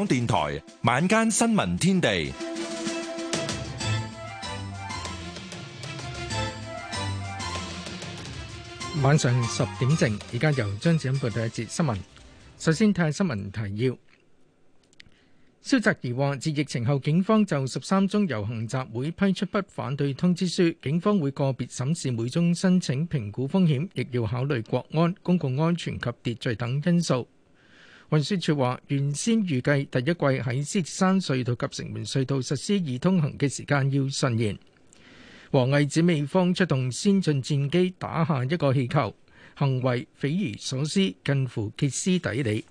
香港電台晚間新聞天地，晚上十點正，而家由張子欣報第一節新聞。首先睇下新聞提要。蕭澤怡話，自疫情後，警方就十三宗遊行集會批出不反對通知書，警方會個別審視每宗申請，評估風險，亦要考慮國安、公共安全及秩序等因素。運輸署話，原先預計第一季喺獅子山隧道及城門隧道實施易通行嘅時間要順延。王毅指美方出動先進戰機打下一個氣球，行為匪夷所思，近乎歇斯底里。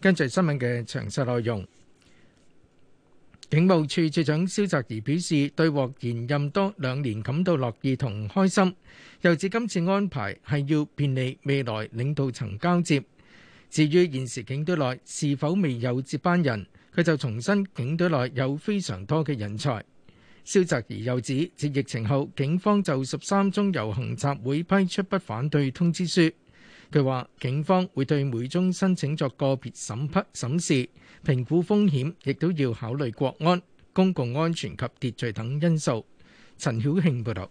跟住新聞嘅詳細內容，警務處處長蕭澤頤表示，對獲延任多兩年感到樂意同開心，又指今次安排係要便利未來領導層交接。至於現時警隊內是否未有接班人，佢就重申警隊內有非常多嘅人才。蕭澤頤又指，自疫情後，警方就十三宗遊行集會批出不反對通知書。佢話，警方會對每宗申請作個別審批審視，評估風險，亦都要考慮國安、公共安全及秩序等因素。陳曉慶報導。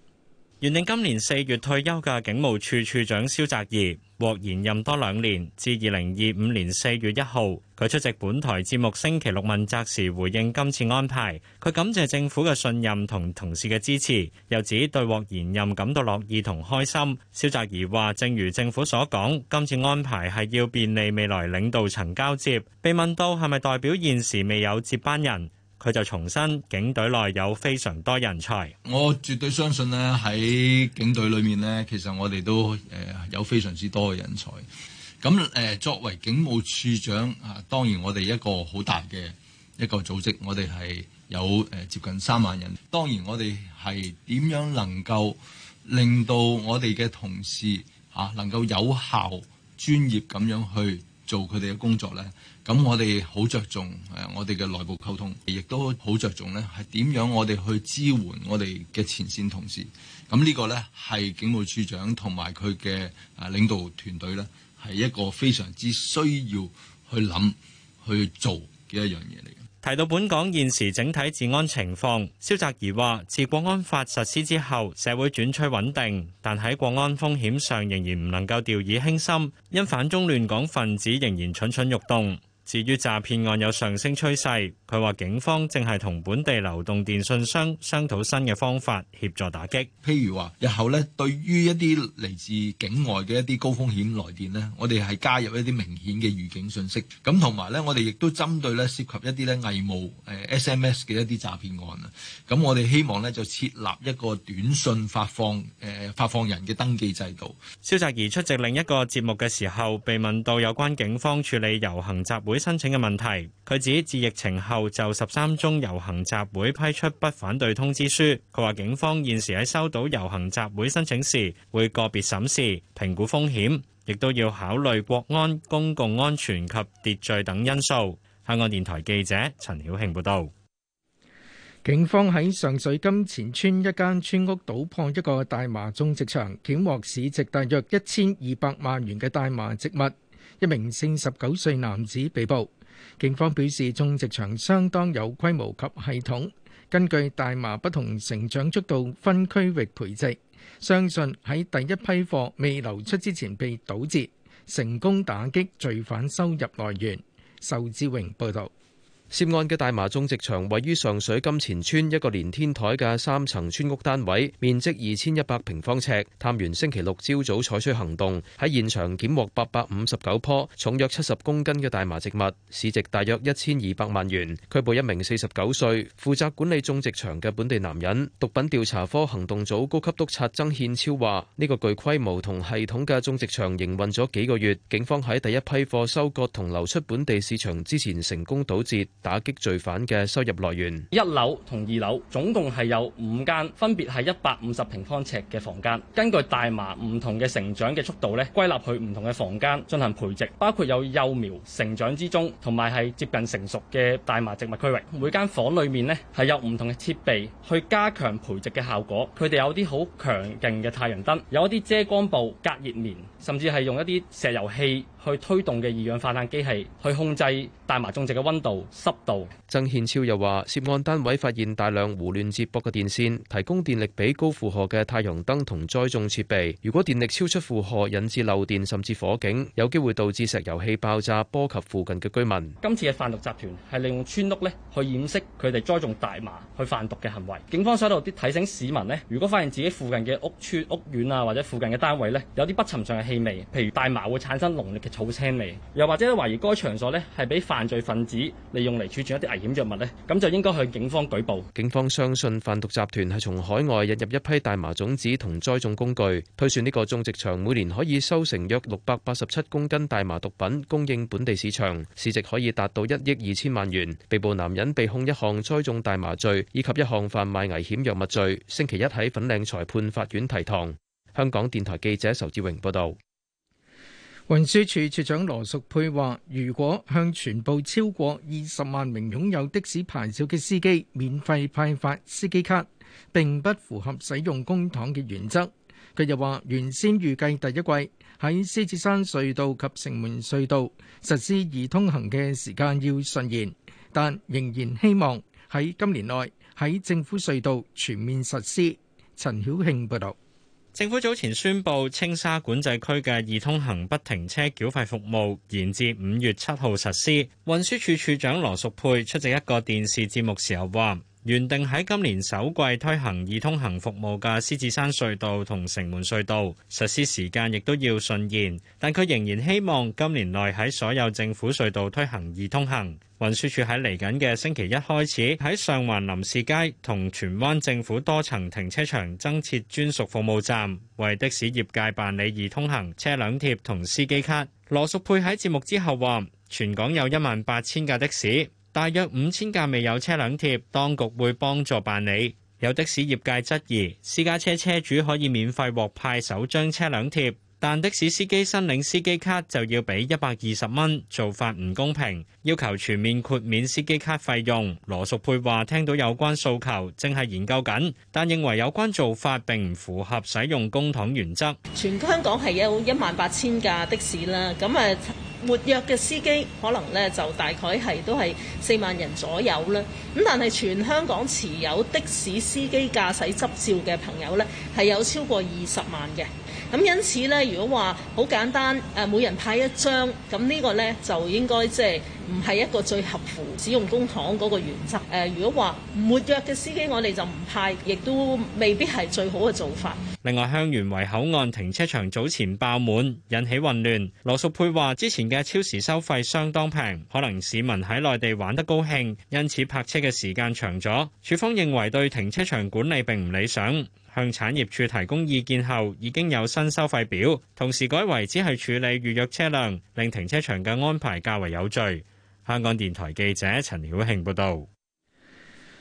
原定今年四月退休嘅警務處處長蕭澤頤獲延任多兩年，至二零二五年四月一號。佢出席本台節目《星期六問責》時回應今次安排。佢感謝政府嘅信任同同事嘅支持，又指對獲延任感到樂意同開心。蕭澤頤話，正如政府所講，今次安排係要便利未來領導層交接。被問到係咪代表現時未有接班人？佢就重申，警隊內有非常多人才。我絕對相信咧，喺警隊裏面咧，其實我哋都誒有非常之多嘅人才。咁誒，作為警務處長啊，當然我哋一個好大嘅一個組織，我哋係有誒接近三萬人。當然，我哋係點樣能夠令到我哋嘅同事啊能夠有效、專業咁樣去。做佢哋嘅工作咧，咁我哋好着重誒，我哋嘅內部溝通，亦都好着重咧，係點樣我哋去支援我哋嘅前線同事。咁呢個咧係警務處長同埋佢嘅領導團隊咧，係一個非常之需要去諗去做嘅一樣嘢嚟嘅。提到本港現時整體治安情況，蕭澤頤話：自《國安法》實施之後，社會轉趨穩定，但喺國安風險上仍然唔能夠掉以輕心，因反中亂港分子仍然蠢蠢欲動。至於詐騙案有上升趨勢，佢話警方正係同本地流動電信商商討新嘅方法協助打擊。譬如話，日後呢對於一啲嚟自境外嘅一啲高風險來電呢，我哋係加入一啲明顯嘅預警信息。咁同埋呢，我哋亦都針對呢涉及一啲咧偽冒誒 SMS 嘅一啲詐騙案啊。咁我哋希望呢，就設立一個短信發放誒發放人嘅登記制度。蕭澤頤出席另一個節目嘅時候，被問到有關警方處理遊行集會。申請嘅問題，佢指自疫情後就十三宗遊行集會批出不反對通知書。佢話警方現時喺收到遊行集會申請時，會個別審視、評估風險，亦都要考慮國安、公共安全及秩序等因素。香港電台記者陳曉慶報道。警方喺上水金錢村一間村屋搗破一個大麻種植場，檢獲市值大約一千二百萬元嘅大麻植物。一名四十九歲男子被捕。警方表示，種植場相當有規模及系統，根據大麻不同成長速度分區域培植，相信喺第一批貨未流出之前被堵截，成功打擊罪犯收入來源。仇志榮報導。涉案嘅大麻種植場位於上水金錢村一個連天台嘅三層村屋單位，面積二千一百平方尺。探員星期六朝早採取行動，喺現場檢獲八百五十九棵重約七十公斤嘅大麻植物，市值大約一千二百萬元。拘捕一名四十九歲負責管理種植場嘅本地男人。毒品調查科行動組高級督察曾憲超話：呢個具規模同系統嘅種植場營運咗幾個月，警方喺第一批貨收割同流出本地市場之前成功堵截。打擊罪犯嘅收入來源。一樓同二樓總共係有五間，分別係一百五十平方尺嘅房間。根據大麻唔同嘅成長嘅速度咧，歸納去唔同嘅房間進行培植，包括有幼苗成長之中，同埋係接近成熟嘅大麻植物區域。每間房裡面呢係有唔同嘅設備去加強培植嘅效果。佢哋有啲好強勁嘅太陽燈，有一啲遮光布、隔熱棉。甚至係用一啲石油氣去推動嘅二氧化碳機器去控制大麻種植嘅溫度濕度。曾憲超又話：涉案單位發現大量胡亂接駁嘅電線，提供電力俾高負荷嘅太陽燈同栽種設備。如果電力超出負荷，引致漏電，甚至火警，有機會導致石油氣爆炸，波及附近嘅居民。今次嘅販毒集團係利用村屋呢去掩飾佢哋栽種大麻去販毒嘅行為。警方喺度啲提醒市民呢，如果發現自己附近嘅屋邨屋苑啊或者附近嘅單位呢，有啲不尋常嘅氣。味，譬如大麻會產生濃烈嘅草青味，又或者懷疑該場所呢係俾犯罪分子利用嚟儲存一啲危險藥物呢，咁就應該向警方舉報。警方相信販毒集團係從海外引入一批大麻種子同栽種工具，推算呢個種植場每年可以收成約六百八十七公斤大麻毒品，供應本地市場，市值可以達到一億二千萬元。被捕男人被控一項栽種大麻罪以及一項販賣危險藥物罪，星期一喺粉嶺裁判法院提堂。香港電台記者仇志榮報導。運輸署署長羅淑佩話，如果向全部超過二十萬名擁有的士牌照嘅司機免費派發司機卡，並不符合使用公帑嘅原則。佢又話，原先預計第一季喺獅子山隧道及城門隧道實施易通行嘅時間要順延，但仍然希望喺今年內喺政府隧道全面實施。陳曉慶報道。政府早前宣布，青沙管制區嘅易通行不停車繳費服務延至五月七號實施。運輸處處長羅淑佩出席一個電視節目時候話。原定喺今年首季推行易通行服務嘅獅子山隧道同城門隧道實施時間亦都要順延，但佢仍然希望今年內喺所有政府隧道推行易通行。運輸署喺嚟緊嘅星期一開始喺上環林士街同荃灣政府多層停車場增設專屬服務站，為的士業界辦理易通行車輛貼同司機卡。羅淑佩喺節目之後話，全港有一萬八千架的士。大約五千架未有車輛貼，當局會幫助辦理。有的士業界質疑，私家車車主可以免費獲派首張車輛貼，但的士司機申領司機卡就要俾一百二十蚊，做法唔公平，要求全面豁免司機卡費用。羅淑佩話聽到有關訴求，正係研究緊，但認為有關做法並唔符合使用公帑原則。全香港係有一萬八千架的士啦，咁誒活躍嘅司機可能呢就大概係都係四萬人左右啦。咁但係全香港持有的士司機駕駛執照嘅朋友呢，係有超過二十萬嘅。咁因此呢，如果話好簡單，誒每人派一張，咁、這、呢個呢，就應該即係唔係一個最合乎使用公帑嗰個原則。誒如果話唔活躍嘅司機，我哋就唔派，亦都未必係最好嘅做法。另外，香園圍口岸停車場早前爆滿，引起混亂。羅淑佩話：之前嘅超時收費相當平，可能市民喺內地玩得高興，因此泊車嘅時間長咗。署方認為對停車場管理並唔理想。向產業處提供意見後，已經有新收費表，同時改為只係處理預約車輛，令停車場嘅安排較為有序。香港電台記者陳曉慶報導。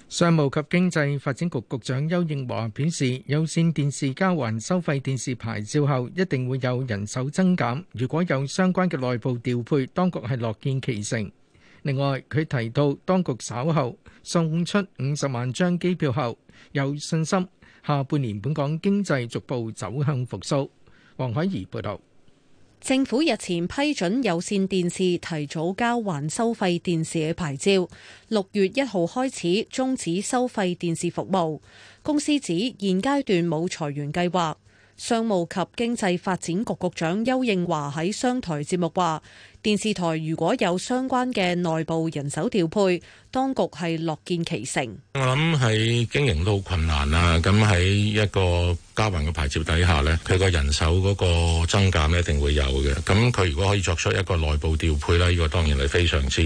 商務及經濟發展局局長邱應華表示，有線電視交還收費電視牌照後，一定會有人手增減。如果有相關嘅內部調配，當局係樂見其成。另外，佢提到當局稍後送出五十萬張機票後，有信心，下半年本港經濟逐步走向復甦。黃海怡報導，政府日前批准有線電視提早交還收費電視嘅牌照，六月一號開始終止收費電視服務。公司指現階段冇裁員計劃。商務及經濟發展局局長邱應華喺商台節目話。電視台如果有相關嘅內部人手調配，當局係樂見其成。我諗喺經營都好困難啊，咁喺一個加環嘅牌照底下咧，佢個人手嗰個增減咧一定會有嘅。咁佢如果可以作出一個內部調配啦，呢個當然係非常之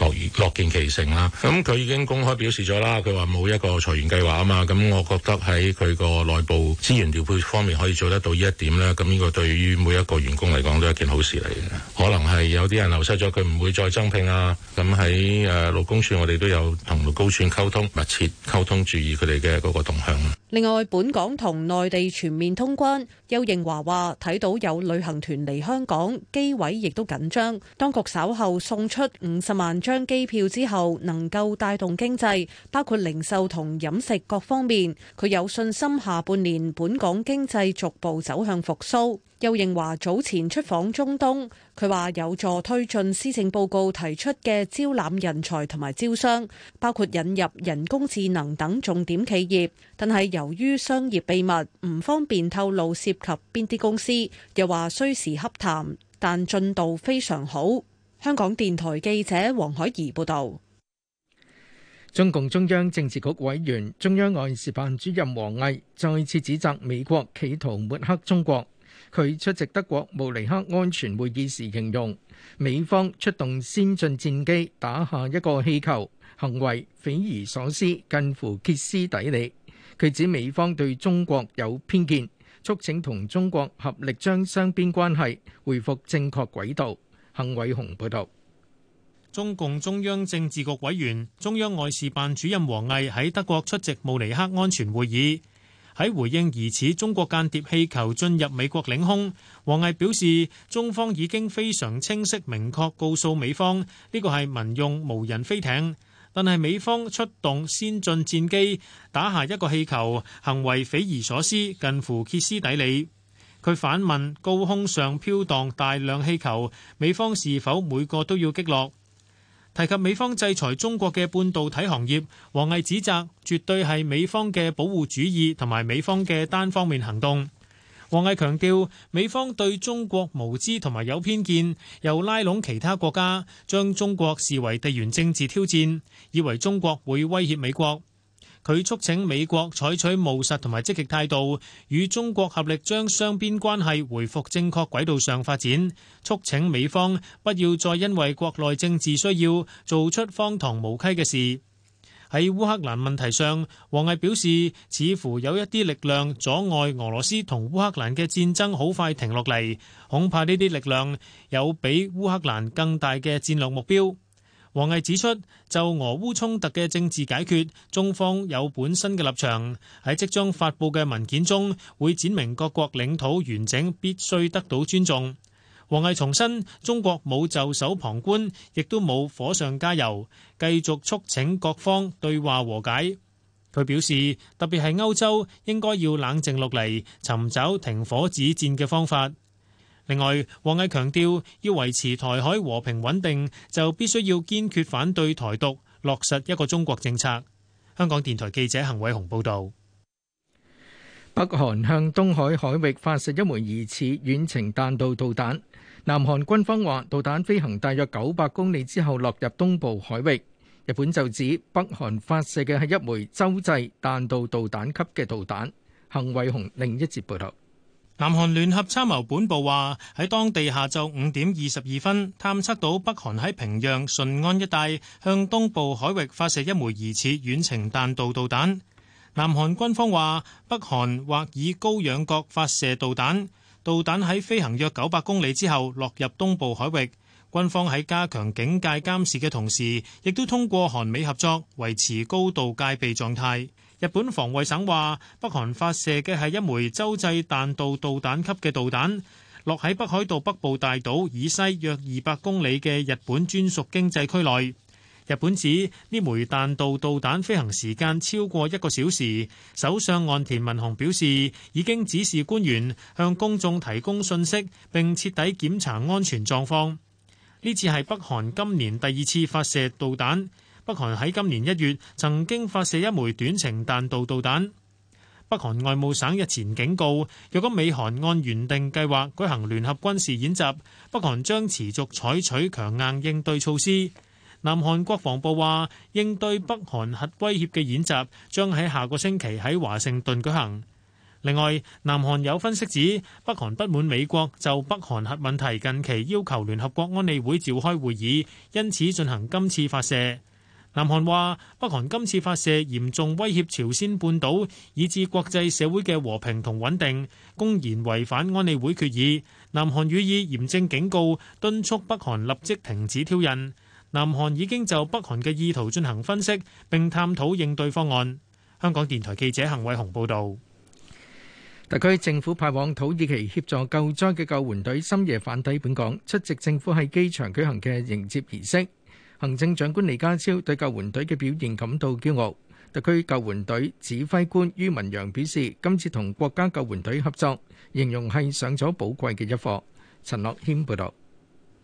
樂樂見其成啦。咁佢已經公開表示咗啦，佢話冇一個裁員計劃啊嘛。咁我覺得喺佢個內部資源調配方面可以做得到呢一點咧，咁呢個對於每一個員工嚟講都係一件好事嚟嘅，可能係。有啲人流失咗，佢唔會再增聘啊！咁喺誒勞工處，我哋都有同勞工處溝通密切溝通，注意佢哋嘅嗰個動向。另外，本港同內地全面通關。邱應華話：睇到有旅行團嚟香港，機位亦都緊張。當局稍後送出五十萬張機票之後，能夠帶動經濟，包括零售同飲食各方面。佢有信心下半年本港經濟逐步走向復甦。邱應華早前出訪中東，佢話有助推進施政報告提出嘅招攬人才同埋招商，包括引入人工智能等重點企業。但係由於商業秘密，唔方便透露涉及邊啲公司。又話需時洽談，但進度非常好。香港電台記者黃海怡報道。中共中央政治局委員、中央外事辦主任王毅再次指責美國企圖抹黑中國。佢出席德國慕尼黑安全會議時形容，美方出動先進戰機打下一個氣球，行為匪夷所思，近乎歇斯底里。佢指美方對中國有偏見，促請同中國合力將雙邊關係回復正確軌道。幸偉雄報導。中共中央政治局委員、中央外事辦主任王毅喺德國出席慕尼黑安全會議。喺回應疑似中國間諜氣球進入美國領空，王毅表示，中方已經非常清晰明確告訴美方呢個係民用無人飛艇，但係美方出動先進戰機打下一個氣球，行為匪夷所思，近乎歇斯底里。佢反問高空上飄蕩大量氣球，美方是否每個都要擊落？提及美方制裁中國嘅半導體行業，王毅指責絕對係美方嘅保護主義同埋美方嘅單方面行動。王毅強調，美方對中國無知同埋有偏見，又拉攏其他國家將中國視為地緣政治挑戰，以為中國會威脅美國。佢促請美國採取務實同埋積極態度，與中國合力將雙邊關係回復正確軌道上發展。促請美方不要再因為國內政治需要做出荒唐無稽嘅事。喺烏克蘭問題上，王毅表示，似乎有一啲力量阻礙俄羅斯同烏克蘭嘅戰爭好快停落嚟，恐怕呢啲力量有比烏克蘭更大嘅戰略目標。王毅指出，就俄烏衝突嘅政治解決，中方有本身嘅立場，喺即將發布嘅文件中，會展明各國領土完整必須得到尊重。王毅重申，中國冇袖手旁觀，亦都冇火上加油，繼續促請各方對話和解。佢表示，特別係歐洲應該要冷靜落嚟，尋找停火止戰嘅方法。另外，王毅強調，要維持台海和平穩定，就必須要堅決反對台獨，落實一個中國政策。香港電台記者陳偉雄報導。北韓向東海海域發射一枚疑似遠程彈道導彈，南韓軍方話導彈飛行大約九百公里之後落入東部海域。日本就指北韓發射嘅係一枚洲際彈道導彈級嘅導彈。陳偉雄另一節報道。南韓聯合參謀本部話喺當地下晝五點二十二分，探測到北韓喺平壤順安一帶向東部海域發射一枚疑似遠程彈道導彈。南韓軍方話北韓或以高仰角發射導彈，導彈喺飛行約九百公里之後落入東部海域。軍方喺加強警戒監視嘅同時，亦都通過韓美合作維持高度戒備狀態。日本防衛省話，北韓發射嘅係一枚洲際彈道導彈級嘅導彈，落喺北海道北部大島以西約二百公里嘅日本專屬經濟區內。日本指呢枚彈道導彈飛行時間超過一個小時。首相岸田文雄表示，已經指示官員向公眾提供信息，並徹底檢查安全狀況。呢次係北韓今年第二次發射導彈。北韓喺今年一月曾經發射一枚短程彈道導彈。北韓外務省日前警告，若果美韓按原定計劃舉行聯合軍事演習，北韓將持續採取強硬應對措施。南韓國防部話，應對北韓核威脅嘅演習將喺下個星期喺華盛頓舉行。另外，南韓有分析指，北韓不滿美國就北韓核問題近期要求聯合國安理會召開會議，因此進行今次發射。南韓話北韓今次發射嚴重威脅朝鮮半島以至國際社會嘅和平同穩定，公然違反安理會決議。南韓予以嚴正警告，敦促北韓立即停止挑釁。南韓已經就北韓嘅意圖進行分析，並探討應對方案。香港電台記者陳偉雄報導。特區政府派往土耳其協助救災嘅救援隊深夜返抵本港，出席政府喺機場舉行嘅迎接儀式。行政長官李家超對救援隊嘅表現感到驕傲。特區救援隊指揮官于文陽表示，今次同國家救援隊合作，形容係上咗寶貴嘅一課。陳樂軒報道。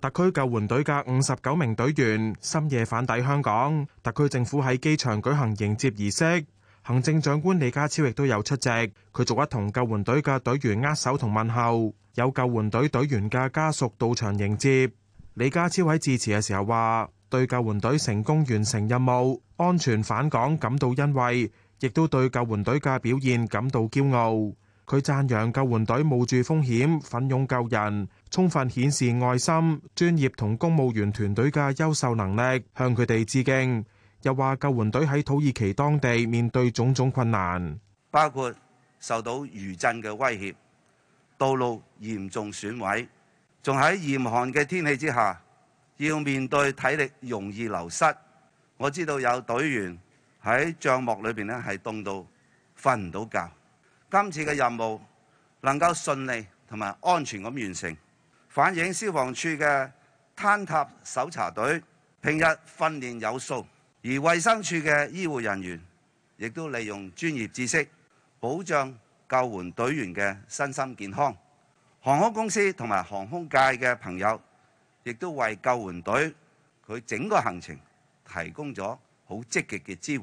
特區救援隊嘅五十九名隊員深夜返抵香港，特區政府喺機場舉行迎接儀式。行政長官李家超亦都有出席，佢逐一同救援隊嘅隊員握手同問候。有救援隊隊員嘅家屬到場迎接。李家超喺致辭嘅時候話。對救援隊成功完成任務，安全返港感到欣慰，亦都對救援隊嘅表現感到驕傲。佢贊揚救援隊冒住風險，奮勇救人，充分顯示愛心、專業同公務員團隊嘅優秀能力，向佢哋致敬。又話救援隊喺土耳其當地面對種種困難，包括受到餘震嘅威脅，道路嚴重損毀，仲喺嚴寒嘅天氣之下。要面對體力容易流失，我知道有隊員喺帳幕裏邊咧係凍到瞓唔到覺。今次嘅任務能夠順利同埋安全咁完成，反映消防處嘅坍塌搜查隊平日訓練有素，而衛生處嘅醫護人員亦都利用專業知識保障救援隊員嘅身心健康。航空公司同埋航空界嘅朋友。亦都為救援隊佢整個行程提供咗好積極嘅支援，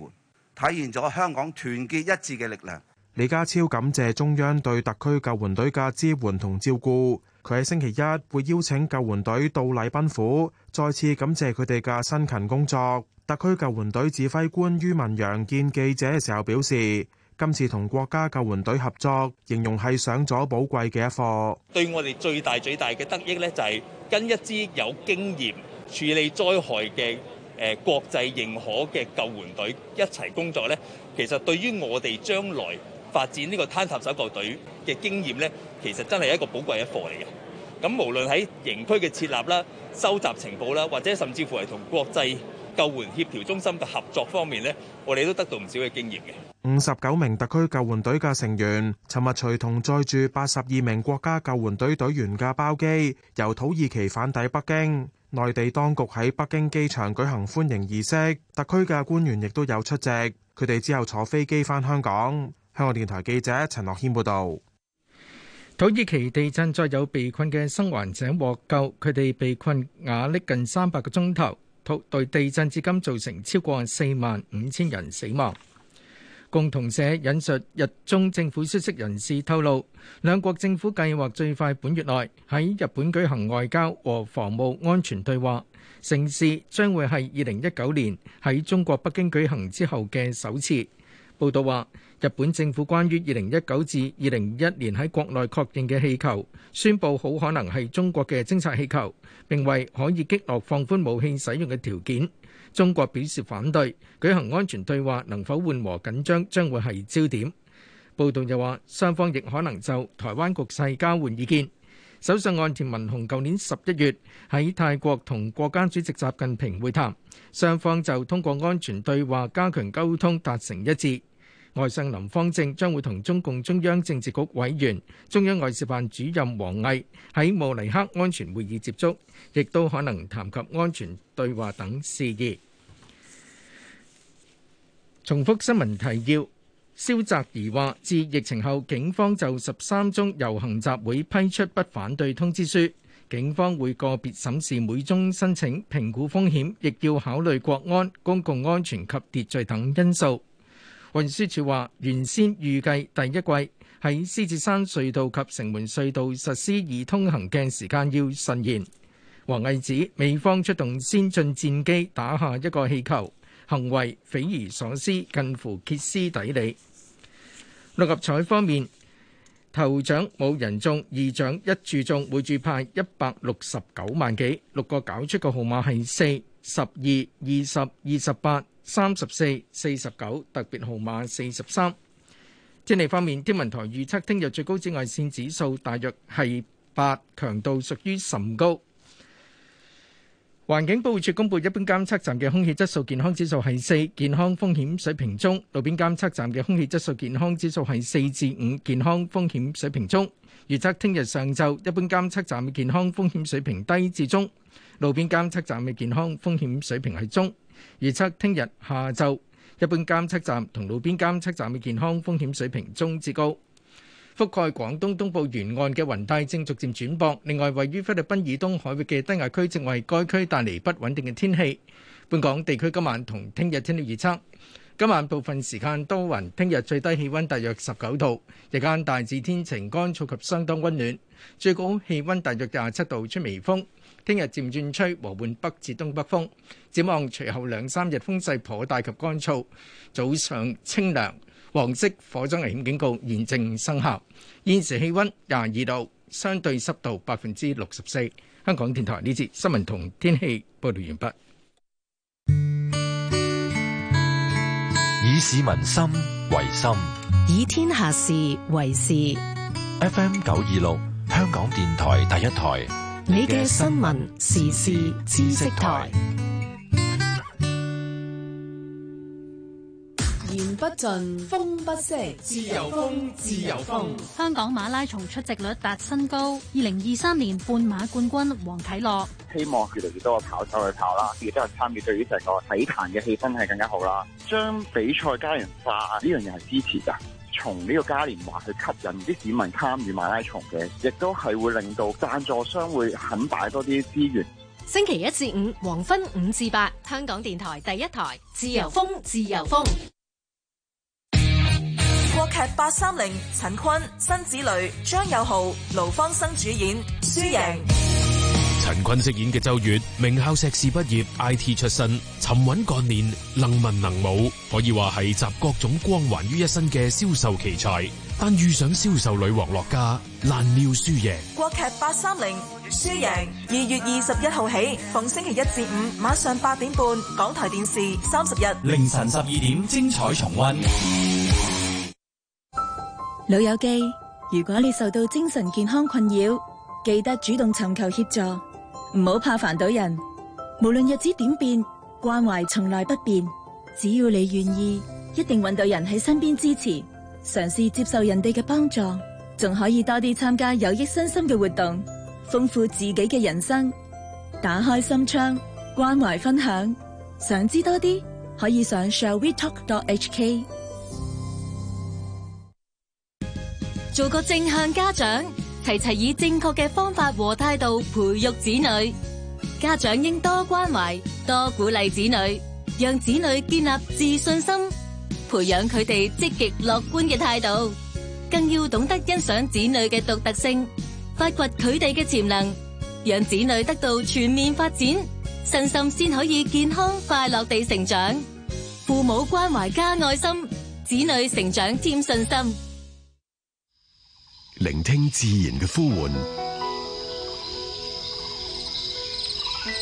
體現咗香港團結一致嘅力量。李家超感謝中央對特區救援隊嘅支援同照顧，佢喺星期一會邀請救援隊到禮賓府，再次感謝佢哋嘅辛勤工作。特區救援隊指揮官于文陽見記者嘅時候表示。今次同國家救援隊合作，形容係上咗寶貴嘅一課。對我哋最大最大嘅得益呢，就係跟一支有經驗處理災害嘅誒國際認可嘅救援隊一齊工作呢。其實對於我哋將來發展呢個坍塌搜救隊嘅經驗呢，其實真係一個寶貴一課嚟嘅。咁無論喺營區嘅設立啦、收集情報啦，或者甚至乎係同國際救援協調中心嘅合作方面呢，我哋都得到唔少嘅經驗嘅。五十九名特區救援隊嘅成員，尋日隨同載住八十二名國家救援隊隊員嘅包機，由土耳其返抵北京。內地當局喺北京機場舉行歡迎儀式，特區嘅官員亦都有出席。佢哋之後坐飛機返香港。香港電台記者陳樂軒報導。土耳其地震再有被困嘅生還者獲救，佢哋被困瓦礫近三百個鐘頭。對地震至今造成超過四萬五千人死亡。共同社引述日中政府消息人士透露，兩國政府計劃最快本月內喺日本舉行外交和防務安全對話，成事將會係二零一九年喺中國北京舉行之後嘅首次。報道話，日本政府關於二零一九至二零二一年喺國內確認嘅氣球，宣布好可能係中國嘅偵察氣球。並為可以擊落放寬武器使用嘅條件，中國表示反對。舉行安全對話能否緩和緊張，將會係焦點。報道又話，雙方亦可能就台灣局勢交換意見。首相岸田文雄舊年十一月喺泰國同國家主席習近平會談，雙方就通過安全對話加強溝通，達成一致。外相林芳正將會同中共中央政治局委員、中央外事辦主任王毅喺慕尼黑安全會議接觸，亦都可能談及安全對話等事宜。重複新聞提要：蕭澤頤話，自疫情後，警方就十三宗遊行集會批出不反對通知書，警方會個別審視每宗申請，評估風險，亦要考慮國安、公共安全及秩序等因素。運輸署話，原先預計第一季喺獅子山隧道及城門隧道實施易通行嘅時間要順延。王毅指，美方出動先進戰機打下一個氣球，行為匪夷所思，近乎歇斯底里。六合彩方面，頭獎冇人中，二獎一注中，每注派一百六十九萬幾。六個攪出嘅號碼係四、十二、二十二、二十八、三十四、四十九，特別號碼四十三。天氣方面，天文台預測聽日最高紫外線指數大約係八，強度屬於甚高。環境保護署公布一般監測站嘅空氣質素健康指數係四，健康風險水平中；路邊監測站嘅空氣質素健康指數係四至五，健康風險水平中。預測聽日上晝一般監測站嘅健康風險水平低至中。路邊監測站嘅健康風險水平係中，預測聽日下晝一般監測站同路邊監測站嘅健康風險水平中至高。覆蓋廣東東部沿岸嘅雲帶正逐漸轉薄，另外位於菲律賓以東海域嘅低壓區正為該區帶嚟不穩定嘅天氣。本港地區今晚同聽日天氣預測：今晚部分時間多雲，聽日最低氣溫大約十九度，日間大致天晴、乾燥及相當溫暖，最高氣溫大約廿七度，吹微風。聽日漸轉吹和緩北至東北風，展望隨後兩三日風勢頗大及乾燥，早上清涼。黃色火災危險警告現正生效。現時氣溫廿二度，相對濕度百分之六十四。香港電台呢節新聞同天氣報道完畢。以市民心為心，以天下事為事。FM 九二六，香港電台第一台。你嘅新聞時事知識台，言不盡風不息，自由風自由風。香港馬拉松出席率達新高，二零二三年半馬冠軍黃啟樂。希望越嚟越多嘅跑手去跑啦，亦都有參與，對於成個體壇嘅氣氛係更加好啦。將比賽嘉年華化呢樣嘢係支持噶。從呢個嘉年華去吸引啲市民參與馬拉松嘅，亦都係會令到贊助商會肯擺多啲資源。星期一至五黃昏五至八，香港電台第一台自由風，自由風。國劇八三零，陳坤、辛芷蕾、張友豪、盧芳生主演。輸贏。陳坤飾演嘅周月，名校碩士畢業，IT 出身，沉穩幹練，能文能武，可以話係集各種光環於一身嘅銷售奇才。但遇上銷售女王樂家，難料輸贏。國劇八三零輸贏，二月二十一號起，逢星期一至五，晚上八點半，港台電視三十日凌晨十二點，精彩重溫。老友記，如果你受到精神健康困擾，記得主動尋求協助。唔好怕煩到人，無論日子點變，關懷從來不變。只要你願意，一定揾到人喺身邊支持。嘗試接受人哋嘅幫助，仲可以多啲參加有益身心嘅活動，豐富自己嘅人生。打開心窗，關懷分享，想知多啲，可以上 shall we talk dot hk，做個正向家長。齊齊以正確嘅方法和態度培育子女。聆聽自然嘅呼喚，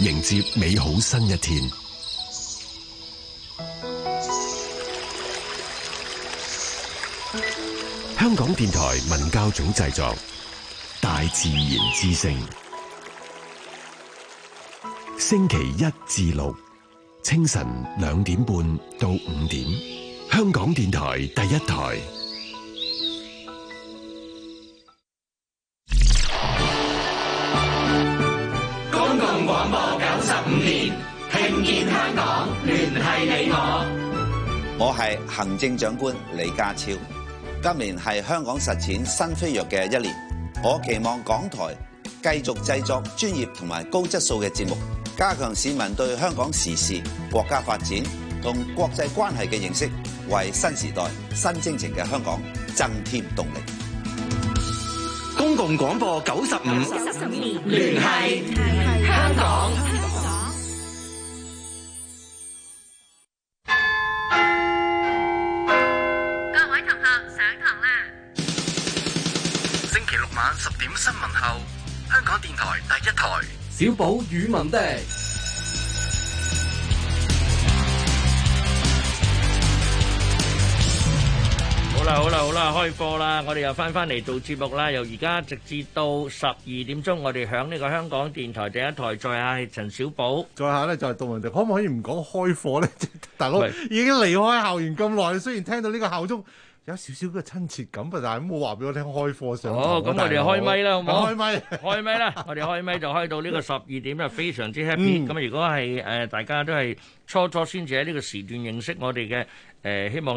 迎接美好新一天。香港電台文教組製作《大自然之聲》，星期一至六清晨兩點半到五點，香港電台第一台。係行政長官李家超，今年係香港實踐新飛躍嘅一年。我期望港台繼續製作專業同埋高質素嘅節目，加強市民對香港時事、國家發展同國際關係嘅認識，為新時代新征程嘅香港增添動力。公共廣播九十五年，聯繫是是香港。香港電台第一台，小寶與文迪。好啦好啦好啦，開課啦！我哋又翻翻嚟做節目啦，由而家直至到十二點鐘，我哋響呢個香港電台第一台再下係陳小寶，再下呢就係杜文迪。可唔可以唔講開課呢？大佬已經離開校園咁耐，雖然聽到呢個校鐘。有少少嘅親切感啊，但係冇話俾、oh，我聽開課上。哦，咁我哋開咪啦，我好唔好？開咪咪， 開咪啦！我哋開咪就開到呢個十二點啊， 非常之 happy。咁、嗯、如果係誒、呃、大家都係初初先至喺呢個時段認識我哋嘅誒希望。